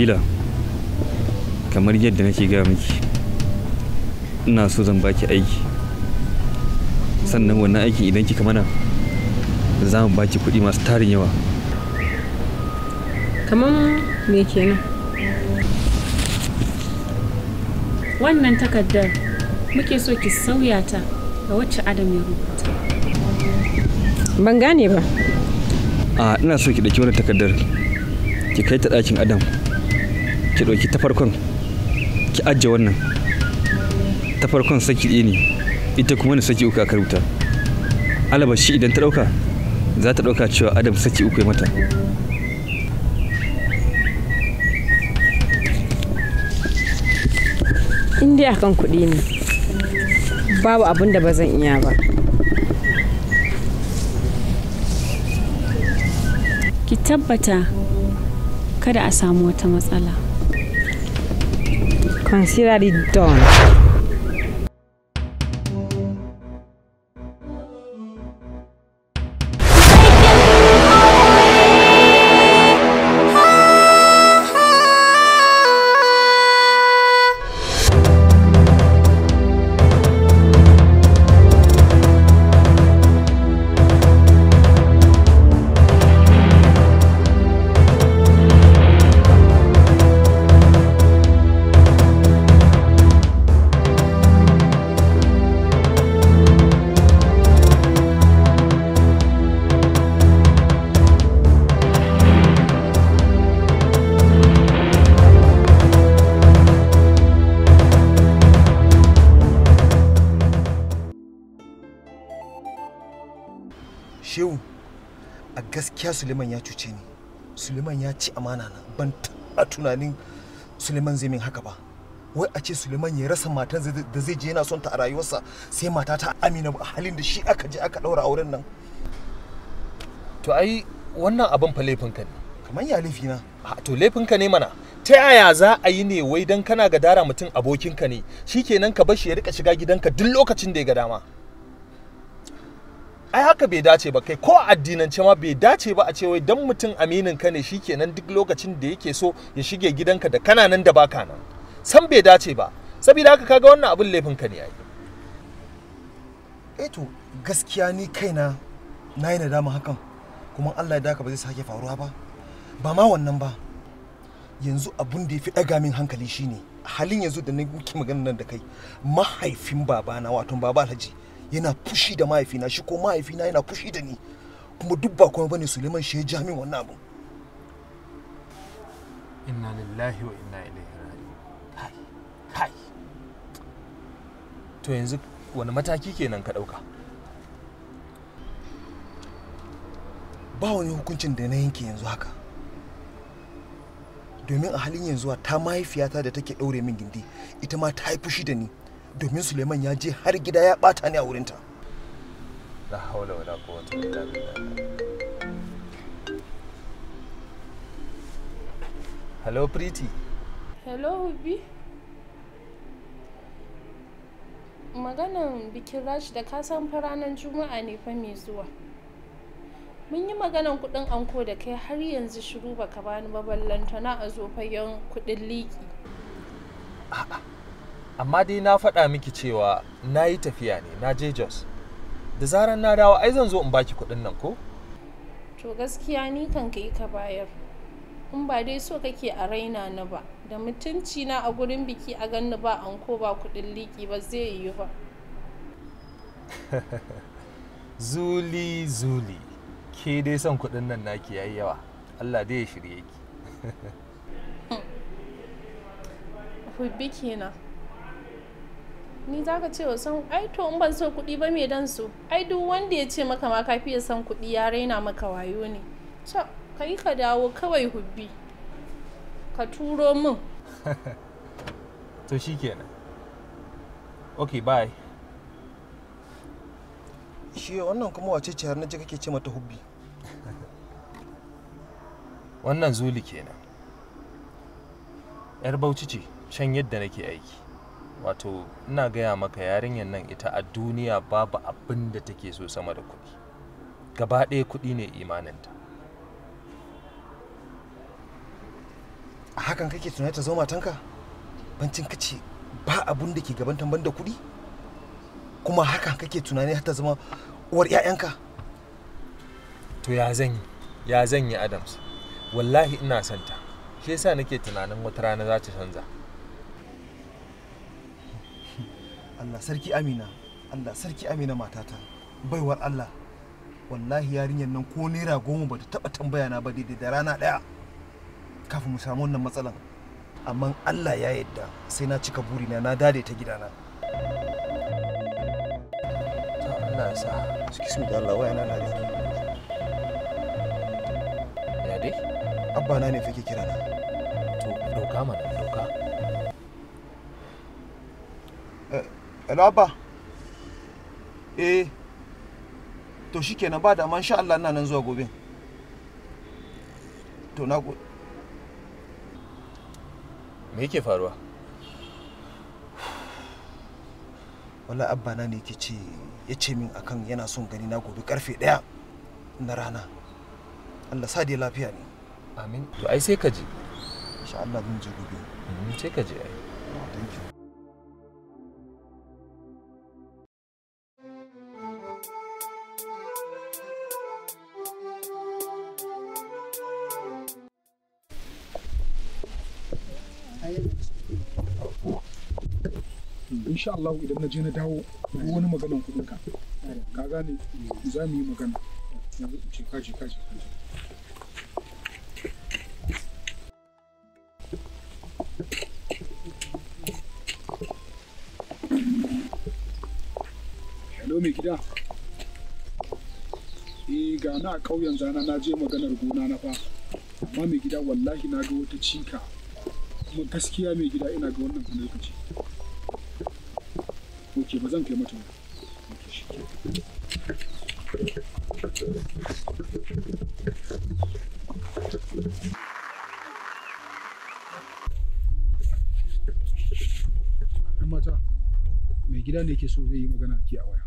kabila kamar yadda nake gaya miki ina so zan baki aiki sannan wannan aiki idan kika mana za mu baki kuɗi masu tarin yawa kamar me kenan wannan takardar muke so ki sauya ta ga wacce adam ya rubuta ban gane ba a ina so ki ɗauki wani takardar ki kai ta ɗakin adam ki ɗauki ta farkon ki ajiye wannan ta farkon saki ɗaya ne ita kuma ne saki uku aka rubuta alaba shi idan ta ɗauka za ta ɗauka cewa adam saki uku ya mata indiya dai akan kuɗi ne babu abin da ba zan iya ba ki tabbata kada a samu wata matsala consider it done. ci amana na ban a tunanin suleiman zai min haka ba wai a ce suleiman ya rasa matan da zai je yana son ta a rayuwarsa sai mata ta amina a halin da shi aka je aka ɗaura auren nan to ai wannan abin fa laifin ka ne kamar ya na to laifin ka ne mana ta yaya za a yi ne wai dan kana gadara mutum abokinka ne shikenan ka bar shi ya rika shiga gidanka duk lokacin da ya ga dama ai haka bai dace ba kai ko addinance ma bai dace ba a ce wai dan mutum aminin ka ne shikenan duk lokacin da yake so ya shige gidanka da kana nan da baka nan san bai dace ba saboda haka kaga wannan abin laifin ka ne ai eh to gaskiya ni kaina na yi nadama hakan kuma Allah ya daka ba zai sake faruwa ba ba ma wannan ba yanzu abun da ya fi ɗaga min hankali shine halin yanzu da na guki maganar nan da kai mahaifin babana wato baba alhaji yana fushi da mahaifina shi ko mahaifina yana fushi da ni kuma duk ba kuma bane suleiman shi ya ja min wannan abu. inna lillahi wa inna ilaihi raji'un to yanzu wani mataki kenan ka dauka ba wani hukuncin da na yanke yanzu haka domin a halin yanzu ta mahaifiyata da take ɗaure min gindi ita ma ta yi fushi da ni domin suleiman ya je har gida ya bata ni a wurinta la haula wala quwwata illa billah hello pretty hello hubi maganan bikin rash da ka san faranan juma'a ne fa mai zuwa mun yi maganan kudin anko da kai har yanzu shiru baka bani ba ballantana a zofayen kudin liki a'a amma dai na faɗa miki cewa na yi tafiya ne na je jos da zaran na dawo ai zan zo in baki kuɗin nan ko to gaskiya ni kan ka yi ka bayar in ba dai so kake a raina na ba da mutunci na a gurin biki a ganni ba an ko ba kuɗin liki ba zai yiwu ba zuli zuli ke dai son kuɗin nan naki yayi yawa allah dai ya shirye ki hubbi kenan ni za ka ce wa san ai to in ban so kuɗi ba me dan so ai duk wanda ya ce maka ma ka fiye san kuɗi ya raina maka wayo ne to ka yi ka dawo kawai hubbi ka turo min to shi kenan ok bye shi wannan kuma wace ce har na ji kake ce mata hubbi wannan zuli kenan yar bauchi ce can yadda nake aiki wato ina gaya maka yarinyar nan ita a duniya babu abin da take so sama da kuɗi gaba ɗaya kuɗi ne imaninta a hakan kake tunai ta zo matanka bancin kace ba abin da ke gaban tamban da kuɗi kuma hakan kake tunani ta zama uwar 'ya'yanka to ya zan yi ya zan yi adams wallahi ina santa shi yasa nake tunanin wata rana za ta canza Allah sarki Amina Allah sarki Amina matata baiwar Allah wallahi yarinyar nan ko naira goma ba ta taɓa tambaya na ba daidai da rana ɗaya kafin mu samu wannan matsalan amma Allah ya yadda sai na cika burina na dade ta gidana ta Allah ya sa su da Allah waya na dade ya abba na ne fake kira na to dauka mana raba eh to shi kenan ba da man sha Allah nan zuwa gobe to na go me yake faruwa wala abba na ne yake ce ya ce min akan yana son gani na gobe karfe daya na rana Allah sa dai lafiya ne amin to ai sai ka je insha Allah zan je gobe mm-hmm, sai ka je ai thank you insha Allah idan na je na dawo wani magana kuɗin ka ka gane za mu yi magana yanzu ce ka je ka je ka je Hello mai gida. Eh ga na ƙauyen zana na je maganar gona na fa. Amma mai gida wallahi na ga wata cika. Kuma gaskiya mai gida ina ga wannan lokaci. ce ba zan kai mata mata mai gida ne ke so zai yi magana ke a waya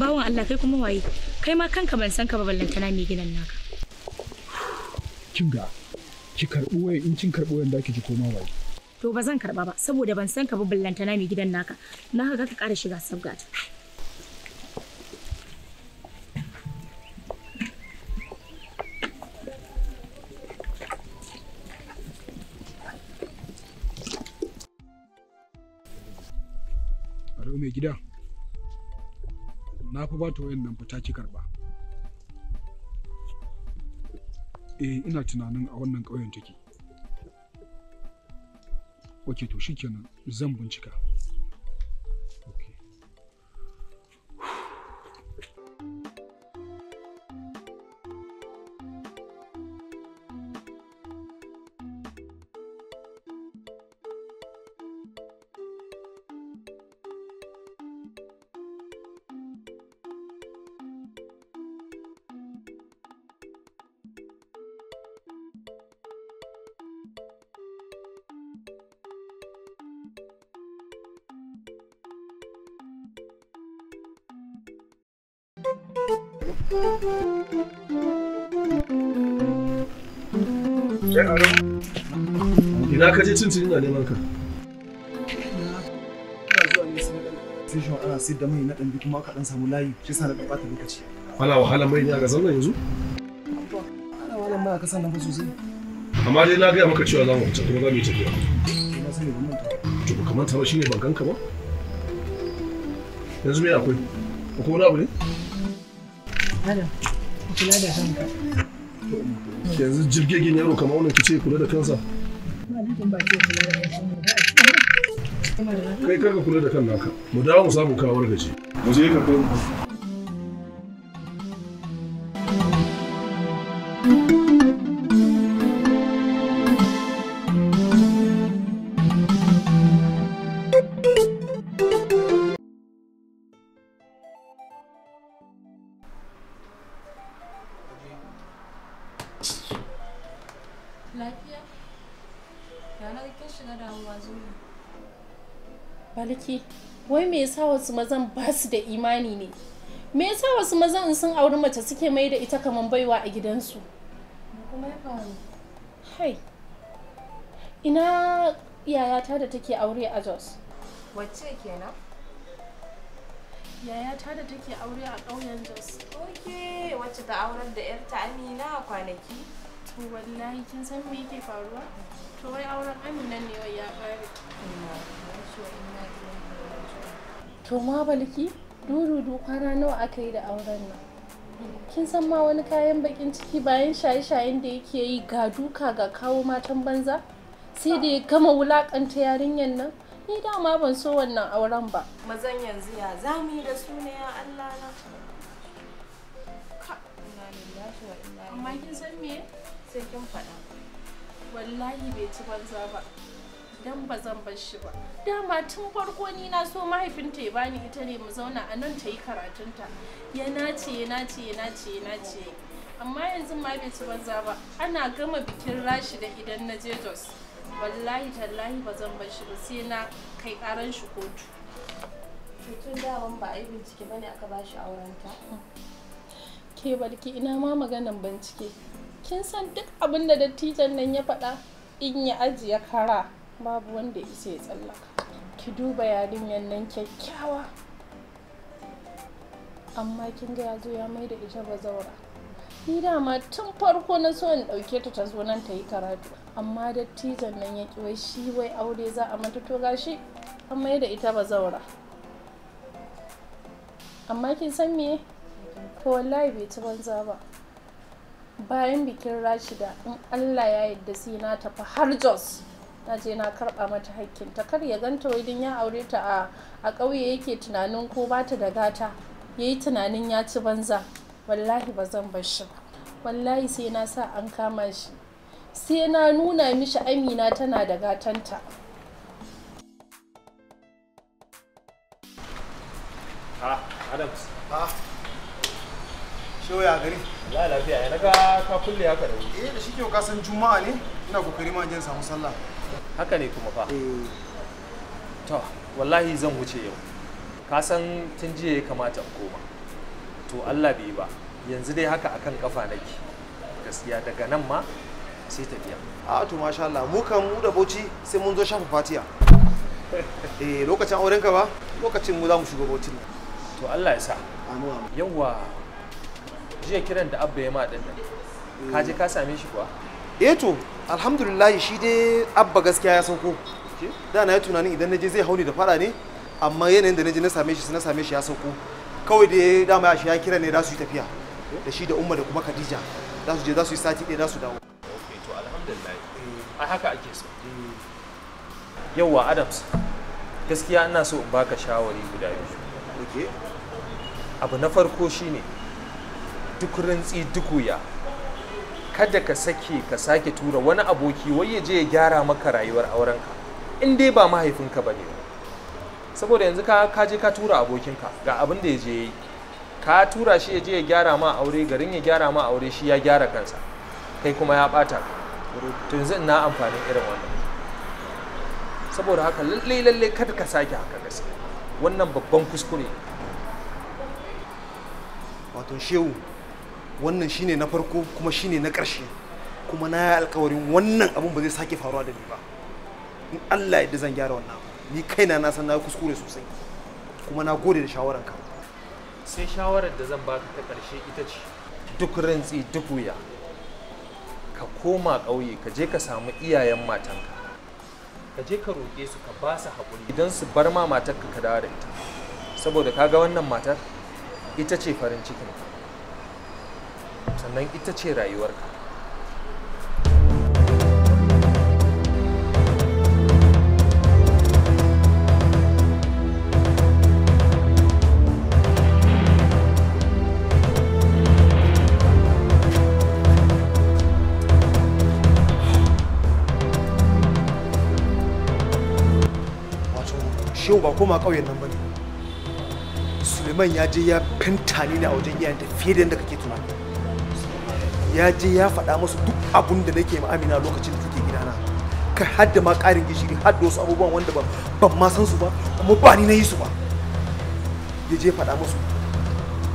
bawan Allah kai kuma waye kai ma kanka ban san ka ba ballantana mai gidan naka kin ga ki karbo waya in kin karbo wayan da kike koma waye to ba zan karba ba saboda ban san ka ba na mai gidan naka na kaka ka kara shiga sabgata Alo mai gida, na fi ba ta wayan nan fita ki karba. Eh ina tunanin a wannan ƙauyen take. ok to shikenan zan bincika cin da neman ka. sai ana sayar da mai na wahala mai ne a nan yanzu? Amma dai na gaya maka cewa za mu fita tafiya. Eh, sani ba kamar ta ba ba. Yanzu me akwai? Ko wani abu ne? Yanzu jirgin yaro kamar wannan kice kula da kansa. kai ka kula da kan naka mu dawo mu samu kawar gaji mu je ka kai wai me yasa wasu mazan ba su da imani ne me yasa wasu mazan in sun auri mace suke mai da ita kaman baiwa a gidansu hai ina yayata da take aure a jos wacce kenan yayata da take aure a ƙauyen jos ok wacce ta aurar da yarta amina a kwanaki to wallahi kin san me yake faruwa to wai auren aminan ne wai ya fara to ma baliki dududu kwana nawa aka yi da auren nan kin san ma wani kayan bakin ciki bayan shaye-shayen da yake yi ga duka ga kawo matan banza sai da ya gama wulakanta yarinyar nan ni dama ban so wannan auren ba mazan yanzu ya za mu yi da su ne ya Allah na amma kin san me sai kin faɗa wallahi bai ci banza ba dan ba zan bar shi ba dama tun farko ni na so mahaifinta ya bani ita ne mu zauna a nan ta yi karatunta ya nace ya nace ya nace ya nace amma yanzu ma bai ci banza ba ana gama bikin rashi da idan na je jos wallahi tallahi ba zan bar shi ba sai na kai karan shi kotu tun daman ba a yi bincike ba ne aka ba shi aurenta ke barki ina ma maganan bincike kin san duk abin da dattijan nan ya faɗa in ya ajiye kara babu wanda isa ya tsallaka ki duba yarinyar nan kyakkyawa amma kin ga yazo ya mai da ita bazaura ni dama tun farko na so in ɗauke ta ta zo nan ta yi karatu amma dattijan nan ya ƙi wai shi wai aure za a mata to gashi an mai da ita bazaura amma kin san me ko wallahi bai ci banza ba bayan bikin rashida in allah ya yarda sai na tafi har jos na je na karɓa mata hakkin ta kar ya ganta wai din ya aure ta a ƙauye yake tunanin ko ba ta da gata ya yi tunanin ya ci banza wallahi ba zan bar shi wallahi sai na sa an kama shi sai na nuna mishi amina tana da gatanta ah adams ah shoya gari la lafiya ya naga ka kulle haka da eh da shi kyau ka san juma'a ne ina kokari ma jin samu sallah haka ne kuma fa eh. to wallahi zan wuce yau ka san tun jiya ya kamata in koma to Allah bai ba yanzu dai haka akan kafa nake gaskiya daga nan ma sai tafiya a to masha Allah mu kan mu da bauchi sai mun zo shafa fatiya eh lokacin auren ka ba lokacin mu za mu shiga bauchi ne to Allah ya sa amin amin yawa jiya kiran da abba ya ma din ka je ka same shi kuwa eh to alhamdulillah shi dai abba gaskiya ya sauko da na yi tunanin idan na je zai hauni da fada ne amma yanayin da na je na same shi na same shi ya sauko kawai da dama shi ya kira ne da su yi tafiya da shi da umma da kuma khadija da su je za su yi sati ɗaya da su dawo eh. haka ake so eh. yauwa adams gaskiya ina so in baka shawari guda biyu abu na farko shine duk rantsi duk wuya kada ka sake ka sake tura wani aboki wai ya je ya gyara maka rayuwar aurenka in dai ba mahaifinka ba ne saboda yanzu ka ka je ka tura abokinka ga abin da ya je yi ka tura shi ya je ya gyara ma aure garin ya gyara ma aure shi ya gyara kansa kai kuma ya bata to yanzu ina amfanin irin wannan saboda haka lallai lallai kada ka sake haka gaskiya wannan babban kuskure wato shehu wannan shine na farko kuma shine na ƙarshe kuma na yi alkawarin wannan abun ba zai sake faruwa da ni ba in Allah yadda zan gyara wannan ni kaina na san na kuskure sosai kuma na gode da ka sai shawarar da zan baka ta ƙarshe ita ce duk rantsi duk wuya ka koma ƙauye ka je ka samu iyayen matanka ka je ka roƙe su ka ba su haƙuri idan su bar ma matarka ka dawo da ita saboda kaga wannan matar ita ce farin cikin ka sannan ita ce rayuwarka shehu ba koma ƙauyen nan ba ne suleiman ya je ya fintani ni na wajen iyayen ta fiye da yadda kake tunani ya je ya faɗa musu duk abun da nake Amina lokacin da take gidana kai har da ma ƙarin gishiri har da wasu abubuwan wanda ban ban ma san su ba kuma ba ni na yi su ba ya je faɗa musu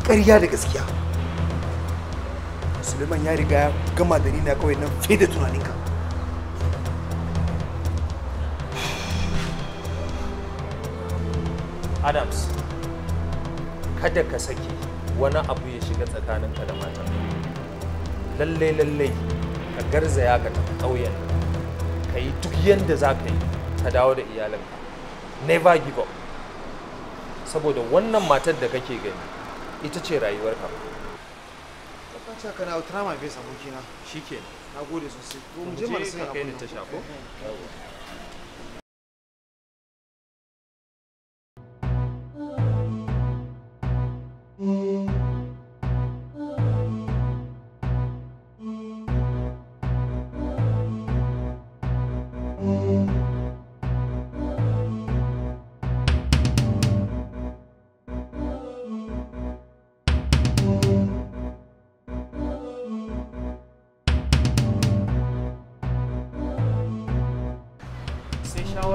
ƙarya da gaskiya suleiman ya riga ya gama da ni na kawai nan fi da tunaninka adams kada ka saki wani abu ya shiga tsakaninka da matanka lalle lalle ka garzaya ka tafi ƙauyen ka yi duk yadda za ka yi ka dawo da iyalanka never give up saboda wannan matar da kake gani ita ce rayuwarka ka ce kana sosai mu je mu sai ni ta shako. Eh.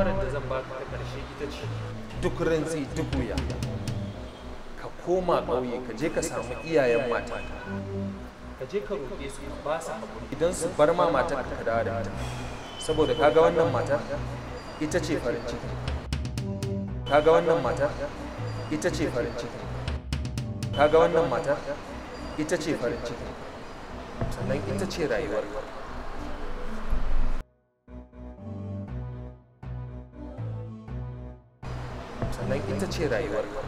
shawarar da zan baka ta karshe ita ce duk rantsi duk wuya ka koma ƙauye ka je ka samu iyayen mata ka je ka roƙe su ba su idan su bar ma matar ka dawo da ita saboda kaga wannan mata ita ce farin ciki kaga wannan mata ita ce farin ciki kaga wannan mata ita ce farin ciki sannan ita ce rayuwar ka. چیرې راي ورکړي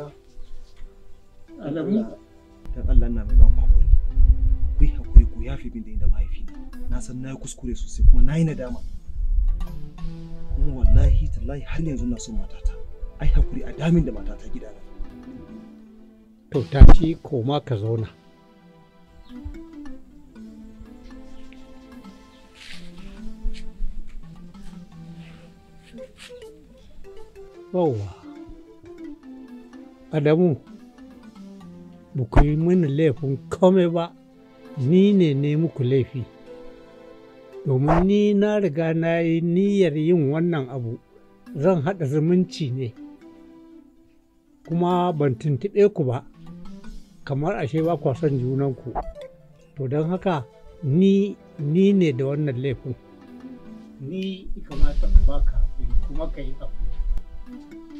haka alamu Allah na mai ba ku hakuri ku yi hakuri ku yafi bin da inda mahaifina na san na yi kuskure sosai kuma na yi nadama kuma wallahi tallahi har yanzu na son matata ai hakuri a damin da matata gidana to ta ci koma ka zauna Oh, wow. Adamu, ba yi mini laifin kome ba, ni ne ne muku laifi. Domin ni na riga na yi niyyar yin wannan abu, zan haɗa zumunci ne, kuma ban tuntuɓe ku ba, kamar ashe ba kwa son junanku. To don haka ni ni ne da wannan laifin. Ni kamata baka kuma ka yi abu.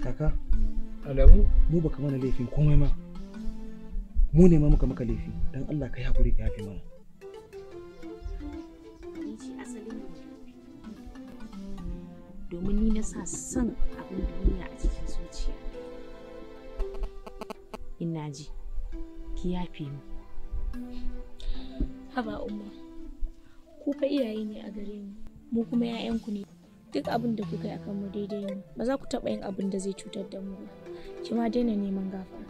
Kaka? alamu mu baka mana laifin komai ma mu ne ma muka maka laifi dan Allah kai hakuri ka yafe mana domin ni na sa son abin duniya a cikin zuciya ina ji ki yafe mu haba umma ku fa iyaye ne a gare mu mu kuma 'ya'yanku ne duk abin da kuka yi akan mu daidai ne ba za ku taɓa yin abin da zai cutar da mu ba ki ma daina neman gafara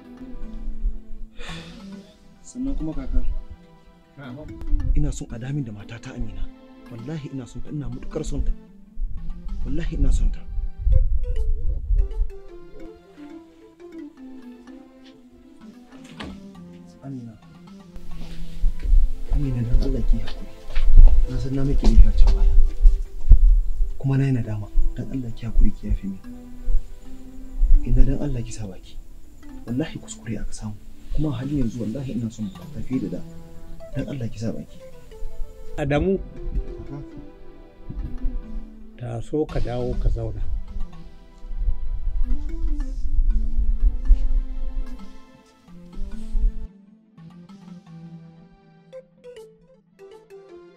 sannan kuma kakar. ina son a damin da matata amina wallahi ina son ta ina mutukar son ta wallahi ina son ta amina amina dan Allah ki hakuri na san na miki ne baya kuma na yi nadama dan Allah ki hakuri ki yafe mini dan Allah ki sa baki wallahi kuskure aka samu kuma hali yanzu wallahi ina son bukata tafi da da dan Allah ki sa baki Adamu ta so ka dawo ka zauna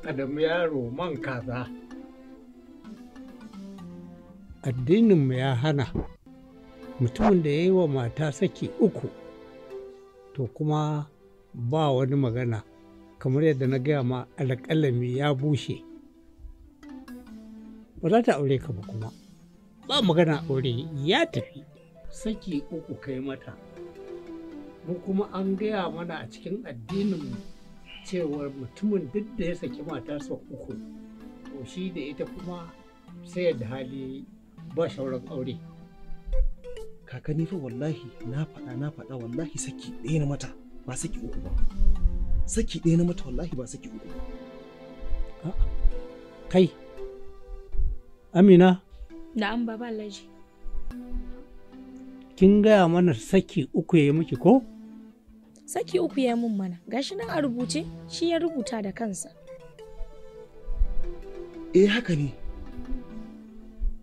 Adamu yaro man kaza addininmu ya hana mutumin da ya yi wa mata saki uku to kuma ba wani magana kamar yadda na gaya ma alƙalami ya bushe ba za ta aure ka ba kuma ba magana aure ya tafi saki uku kai mata mu kuma an gaya mana a cikin addinin cewar mutumin duk da ya saki mata matarsa uku to shi da ita kuma sai da hali ba shauran aure kaka fa wallahi na faɗa na faɗa wallahi saki ɗaya na mata ba saki uku ba saki ɗaya na mata wallahi ba saki uku ba kai amina na'am baba alhaji kin gaya mana saki uku ya yi miki ko saki uku ya mun mana gashi nan a rubuce shi ya rubuta da kansa eh haka ne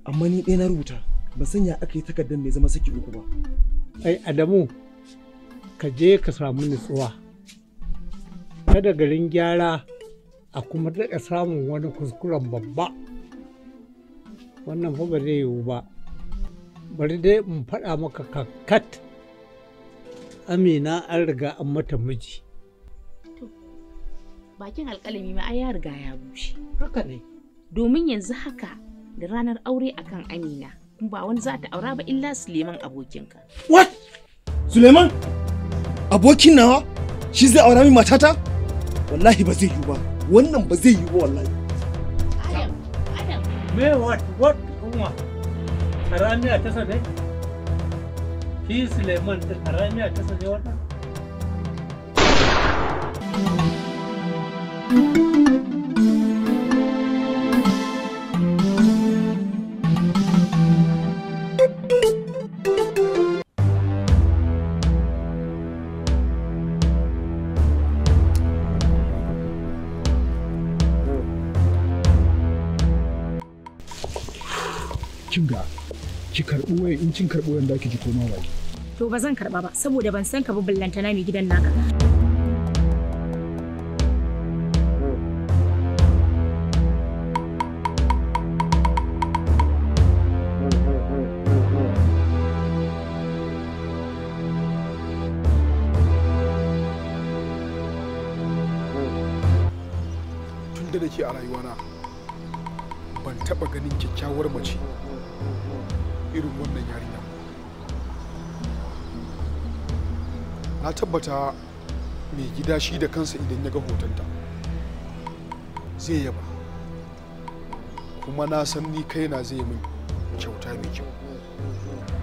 amma ni ɗaya na rubuta ba sanya aka yi takardar mai zama saki uku ba ai adamu ka je ka samu nutsuwa kada garin gyara a kuma daga samun wani kuskuren babba wannan fa ba zai yiwu ba bari dai in faɗa maka kakkat amina an riga an mata miji bakin alkalami ma ya riga ya bushe haka ne domin yanzu haka da ranar aure akan amina ba wani za ta aura ba illa Suleiman abokinka. What? Suleiman? Abokin nawa? Shi zai aura min matata? Wallahi ba zai yiwu ba. Wannan ba zai yiwu ba wallahi. Adam, Adam. Me what? What? Kuma. Haramiya ta sane? Shi Suleiman ta haramiya ta sane wata? thank you cin karɓi wanda ake ji koma baki. To ba zan karɓa ba saboda ban san ka ba na mai gidan naka. da ke a rayuwana ban taɓa ganin kyakkyawar mace irin wannan yarinya na tabbata mai gida shi da kansa idan ya ga hotonta zai yaba kuma na san ni kaina zai min kyauta mai kyau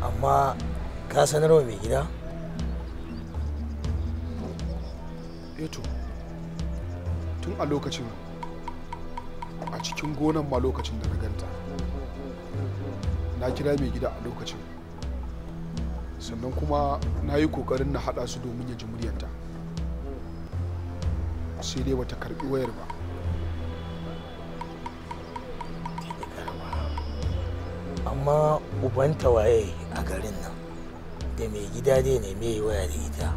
amma ka sanarwa mai gida eto eh tun a lokacin a cikin gonan ma lokacin da na ganta na kira mai gida a lokacin sannan kuma na yi kokarin na haɗa su domin ya ji muryarta sai dai bata karɓi wayar ba amma ubanta waye a garin nan da mai gida dai ne mai waya da ita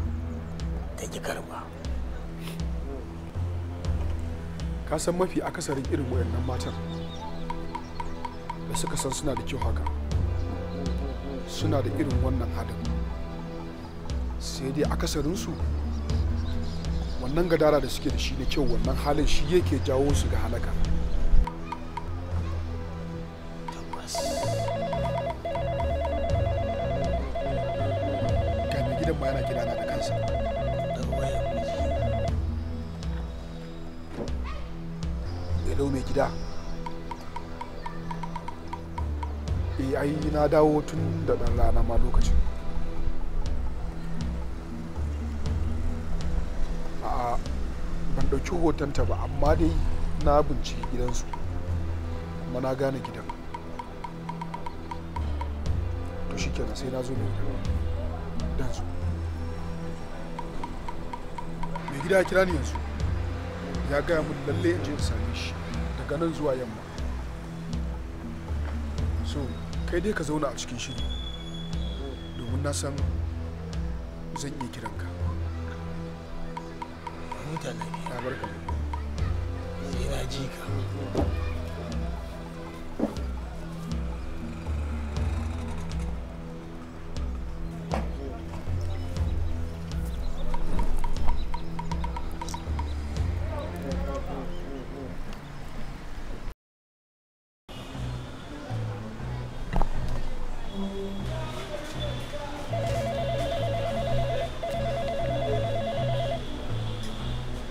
ta ki karba ka san mafi akasarin irin wayannan matan da suka san suna da kyau haka suna da irin wannan adam sai dai akasarinsu wannan gadara da suke da shi na kyau wannan halin shi yake jawo su ga halaka na dawo tun da ɗan rana ma lokacin a ban ɗauki hotonta ba amma dai na binciki gidansu kuma na gane gidan to shi sai na zo mai dan su mai gida kira ni yanzu ya gaya min lalle in je in same shi daga nan zuwa yamma so kai dai ka zauna a cikin shiri domin na san zan iya kiranka mutane ya barka ina ji ka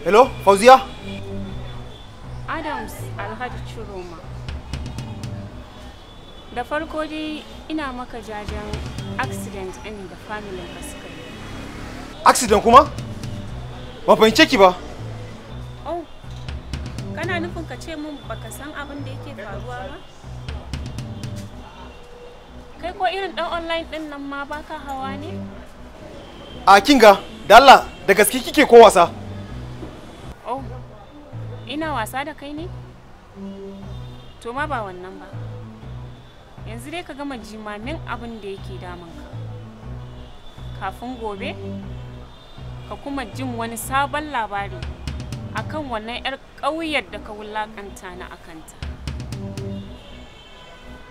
Hello, Fauzia? Adams Alhaji Chiroma. Da farko dai ina maka jajen accident ɗin da familin ka suka yi. Accident kuma? Ba fahimce ki ba. Oh, kana nufin ka ce min baka san abin da yake faruwa ba? Kai ko irin ɗan online ɗin nan ma baka hawa ne? A kinga, dalla da gaske kike ko wasa? Oh, ina wasa da kai ne? To ma ba wannan ba. Yanzu dai ka gama jimamin abin da yake ka Kafin gobe, ka kuma jin wani sabon labari akan wannan 'yar ƙauyar da ka wulaƙanta na akanta.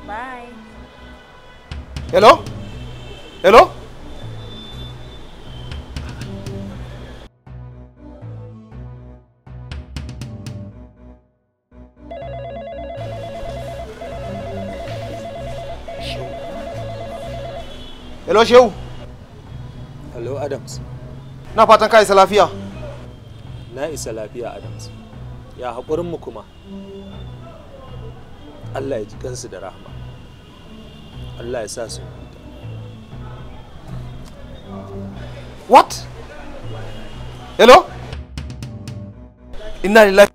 Bye. Hello? Hello? hello shehu hello adams na fatan ka isa lafiya na isa lafiya adams ya haƙurin mu kuma allah ya ji kansu da rahama allah ya sa su what hello inna lillahi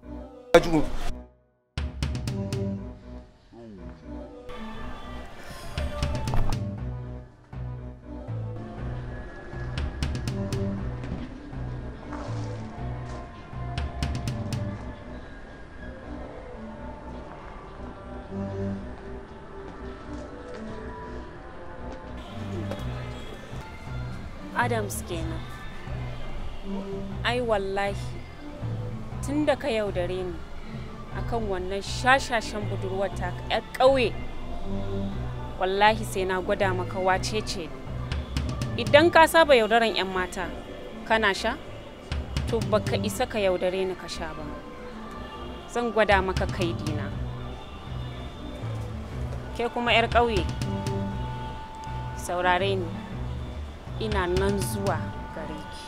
James kenan. Ai wallahi tun da ka yaudare ni akan wannan shashashen budurwar ta ƴar ƙauye wallahi sai na gwada maka wace ce idan ka saba yaudaran 'yan mata kana sha to baka isa ka yaudare ni ka sha ba zan gwada maka kai dina ke kuma 'yar ƙauye saurare ni ina nan zuwa gare ki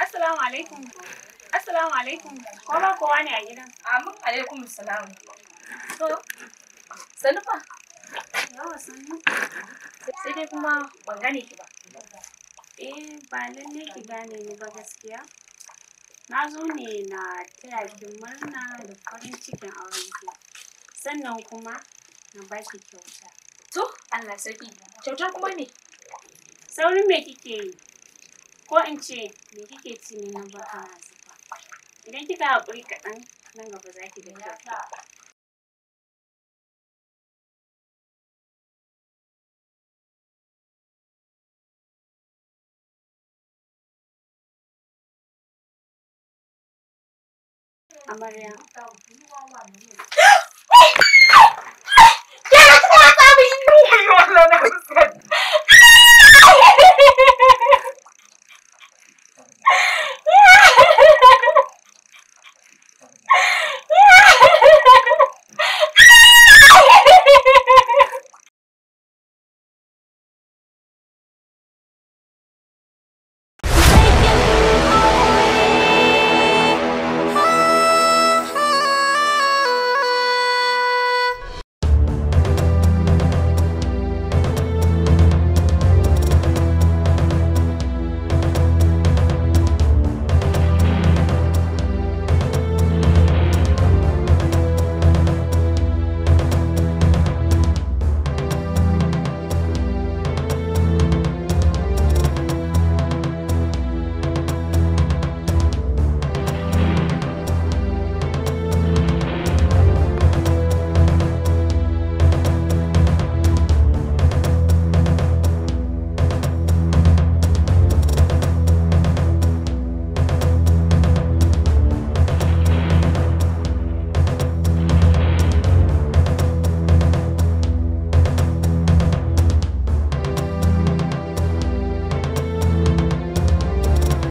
Assalamu alaikum. Assalamu alaikum. Kowa kowa ne a gidan. Amin alaikum salam. To, sani fa? Yawa sanufa. Sai dai kuma ban gane ki ba. Eh, ba lalle ki gane ni ba gaskiya. na zo ne na taya ki murna da farin cikin aurenki sannan kuma na baki kyauta to Allah sarki Kyauta kuma ne. saurin me kike yi ko in ce me kike ci ne na baka idan kika haƙuri kaɗan nan gaba za ki ga kyauta Amaria. Get out of my family! No, no, no, no.